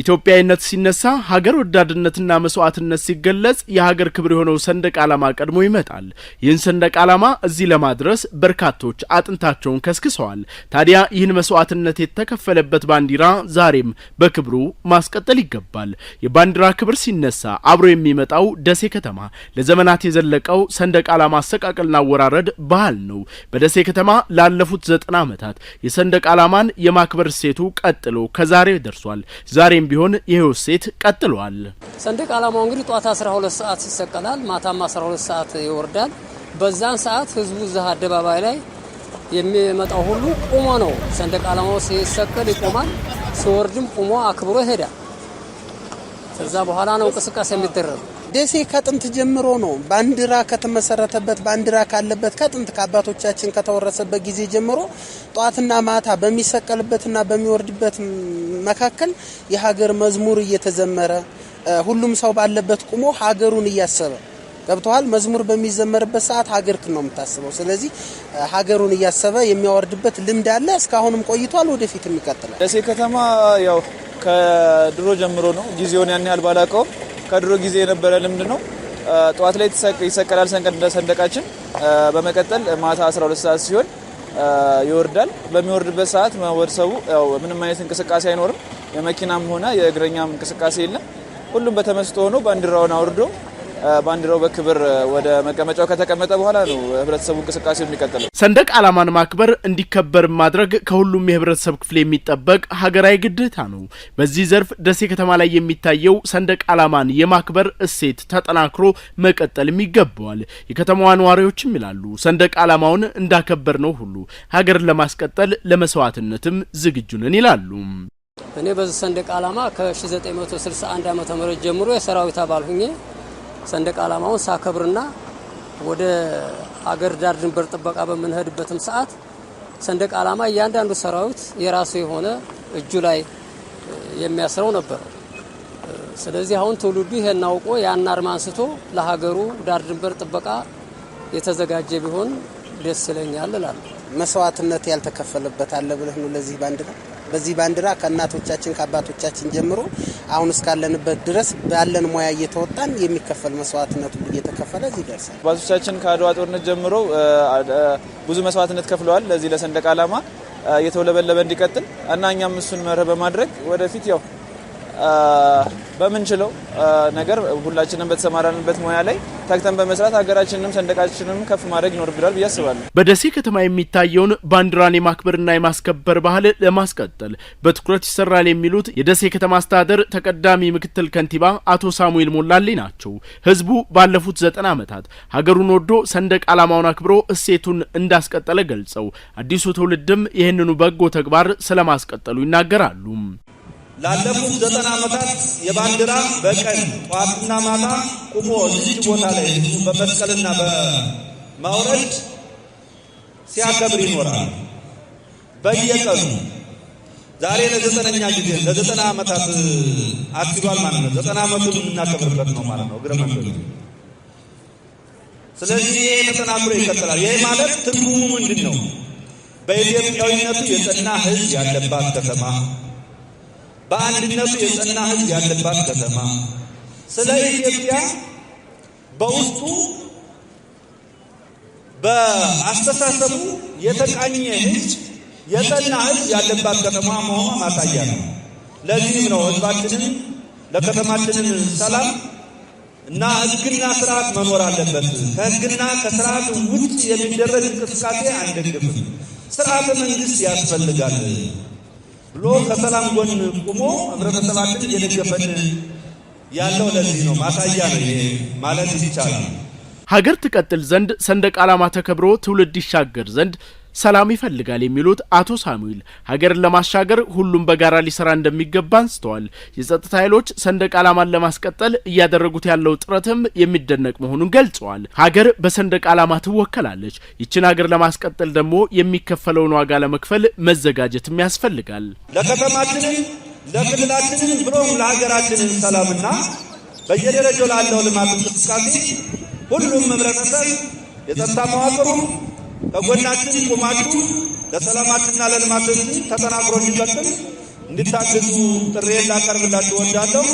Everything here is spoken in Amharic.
ኢትዮጵያዊነት ሲነሳ ሀገር ወዳድነትና መስዋዕትነት ሲገለጽ የሀገር ክብር የሆነው ሰንደቅ ዓላማ ቀድሞ ይመጣል። ይህን ሰንደቅ ዓላማ እዚህ ለማድረስ በርካቶች አጥንታቸውን ከስክሰዋል። ታዲያ ይህን መስዋዕትነት የተከፈለበት ባንዲራ ዛሬም በክብሩ ማስቀጠል ይገባል። የባንዲራ ክብር ሲነሳ አብሮ የሚመጣው ደሴ ከተማ ለዘመናት የዘለቀው ሰንደቅ ዓላማ አሰቃቀልና አወራረድ ባህል ነው። በደሴ ከተማ ላለፉት ዘጠና ዓመታት የሰንደቅ ዓላማን የማክበር እሴቱ ቀጥሎ ከዛሬ ደርሷል። ዛሬም ቢሆን ይህው ሴት ቀጥሏል። ሰንደቅ ዓላማው እንግዲህ ጠዋት 12 ሰዓት ይሰቀላል፣ ማታም 12 ሰዓት ይወርዳል። በዛን ሰዓት ህዝቡ እዚህ አደባባይ ላይ የሚመጣው ሁሉ ቁሞ ነው ሰንደቅ ዓላማው ሲሰቀል ይቆማል፣ ሲወርድም ቁሞ አክብሮ ይሄዳል። ከዛ በኋላ ነው እንቅስቃሴ የሚደረገው። ደሴ ከጥንት ጀምሮ ነው ባንዲራ ከተመሰረተበት ባንዲራ ካለበት ከጥንት ከአባቶቻችን ከተወረሰበት ጊዜ ጀምሮ ጧትና ማታ በሚሰቀልበትና በሚወርድበት መካከል የሀገር መዝሙር እየተዘመረ ሁሉም ሰው ባለበት ቁሞ ሀገሩን እያሰበ ገብተዋል። መዝሙር በሚዘመርበት ሰዓት ሀገር ክን ነው የምታስበው። ስለዚህ ሀገሩን እያሰበ የሚያወርድበት ልምድ አለ። እስካሁንም ቆይቷል፣ ወደፊትም ይቀጥላል። ደሴ ከተማ ያው ከድሮ ጀምሮ ነው። ጊዜውን ያን ያህል ባላውቀውም ከድሮ ጊዜ የነበረ ልምድ ነው። ጠዋት ላይ ይሰቀላል ሰንደቃችን። በመቀጠል ማታ 12 ሰዓት ሲሆን ይወርዳል። በሚወርድበት ሰዓት ማህበረሰቡ ምንም አይነት እንቅስቃሴ አይኖርም። የመኪናም ሆነ የእግረኛም እንቅስቃሴ የለም። ሁሉም በተመስጦ ሆኖ ባንዲራውን አውርዶ ባንዲራው በክብር ወደ መቀመጫው ከተቀመጠ በኋላ ነው ህብረተሰቡ እንቅስቃሴ የሚቀጥለው። ሰንደቅ ዓላማን ማክበር እንዲከበር ማድረግ ከሁሉም የህብረተሰብ ክፍል የሚጠበቅ ሀገራዊ ግዴታ ነው። በዚህ ዘርፍ ደሴ ከተማ ላይ የሚታየው ሰንደቅ ዓላማን የማክበር እሴት ተጠናክሮ መቀጠልም ይገባዋል። የከተማዋ ነዋሪዎችም ይላሉ ሰንደቅ ዓላማውን እንዳከበር ነው ሁሉ ሀገርን ለማስቀጠል ለመስዋዕትነትም ዝግጁ ነን ይላሉ። እኔ በዚህ ሰንደቅ ዓላማ ከ1961 ዓ ም ጀምሮ የሰራዊት አባል ሁኜ ሰንደቅ ዓላማውን ሳከብርና ወደ አገር ዳር ድንበር ጥበቃ በምንሄድበትም ሰዓት ሰንደቅ ዓላማ እያንዳንዱ ሰራዊት የራሱ የሆነ እጁ ላይ የሚያስረው ነበር። ስለዚህ አሁን ትውልዱ ይሄን አውቆ ያን አርማ አንስቶ ለሀገሩ ዳር ድንበር ጥበቃ የተዘጋጀ ቢሆን ደስ ይለኛል እላለሁ። መስዋዕትነት ያልተከፈለበት አለ ብለህ ነው ለዚህ ባንዲራ በዚህ ባንዲራ ከእናቶቻችን ከአባቶቻችን ጀምሮ አሁን እስካለንበት ድረስ ባለን ሙያ እየተወጣን የሚከፈል መስዋዕትነት ሁሉ እየተከፈለ እዚህ ደርሳል። አባቶቻችን ከአድዋ ጦርነት ጀምሮ ብዙ መስዋዕትነት ከፍለዋል ለዚህ ለሰንደቅ ዓላማ እየተውለበለበ እንዲቀጥል እና እኛም እሱን መርህ በማድረግ ወደፊት ያው በምንችለው ነገር ሁላችንም በተሰማራንበት ሙያ ላይ ተግተን በመስራት ሀገራችንም ሰንደቃችንም ከፍ ማድረግ ይኖርብናል ብዬ አስባለሁ። በደሴ ከተማ የሚታየውን ባንዲራን የማክበርና የማስከበር ባህል ለማስቀጠል በትኩረት ይሰራል የሚሉት የደሴ ከተማ አስተዳደር ተቀዳሚ ምክትል ከንቲባ አቶ ሳሙኤል ሞላሌ ናቸው። ህዝቡ ባለፉት ዘጠና ዓመታት ሀገሩን ወዶ ሰንደቅ ዓላማውን አክብሮ እሴቱን እንዳስቀጠለ ገልጸው አዲሱ ትውልድም ይህንኑ በጎ ተግባር ስለማስቀጠሉ ይናገራሉ። ላለፉት ዘጠና ዓመታት የባንዲራ በቀን ጠዋትና ማታ ቁሞ እዚህ ቦታ ላይ በመስቀልና በማውረድ ሲያከብር ይኖራል። በየቀኑ ዛሬ ለዘጠነኛ ጊዜ ለዘጠና ዓመታት አክሲዷል ማለት ነው። ዘጠና ዓመቱን የምናከብርበት ነው ማለት ነው እግረ መንገዱ። ስለዚህ ይሄ ተጠናክሮ ይቀጥላል። ይህ ማለት ትርጉሙ ምንድን ነው? በኢትዮጵያዊነቱ የጸና ሕዝብ ያለባት ከተማ በአንድነቱ የጸና ህዝብ ያለባት ከተማ ስለ ኢትዮጵያ በውስጡ በአስተሳሰቡ የተቃኘ ህዝብ የጸና ህዝብ ያለባት ከተማ መሆኗ ማሳያ ነው። ለዚህም ነው ህዝባችንን ለከተማችንን ሰላም እና ህግና ስርዓት መኖር አለበት። ከህግና ከስርዓት ውጭ የሚደረግ እንቅስቃሴ አንደግፍም። ስርዓተ መንግስት ያስፈልጋል። ብሎ ከሰላም ጎን ቁሞ ህብረተሰባችን እየደገፈን ያለው ለዚህ ነው። ማሳያ ነው ይሄ ማለት ይቻላል። ሀገር ትቀጥል ዘንድ ሰንደቅ ዓላማ ተከብሮ ትውልድ ይሻገር ዘንድ ሰላም ይፈልጋል የሚሉት አቶ ሳሙኤል ሀገርን ለማሻገር ሁሉም በጋራ ሊሰራ እንደሚገባ አንስተዋል። የጸጥታ ኃይሎች ሰንደቅ ዓላማን ለማስቀጠል እያደረጉት ያለው ጥረትም የሚደነቅ መሆኑን ገልጸዋል። ሀገር በሰንደቅ ዓላማ ትወከላለች። ይችን ሀገር ለማስቀጠል ደግሞ የሚከፈለውን ዋጋ ለመክፈል መዘጋጀትም ያስፈልጋል። ለከተማችን፣ ለክልላችን ብሎም ለሀገራችን ሰላምና በየደረጃው ላለው ልማት እንቅስቃሴ ሁሉም ህብረተሰብ የጸጥታ መዋቅሩ ከጎናችን ቁማችሁ ለሰላማችንና ለልማት ተጠናክሮ እንዲቀጥል እንድታግዙ ጥሪ ላቀርብላችሁ እወዳለሁ።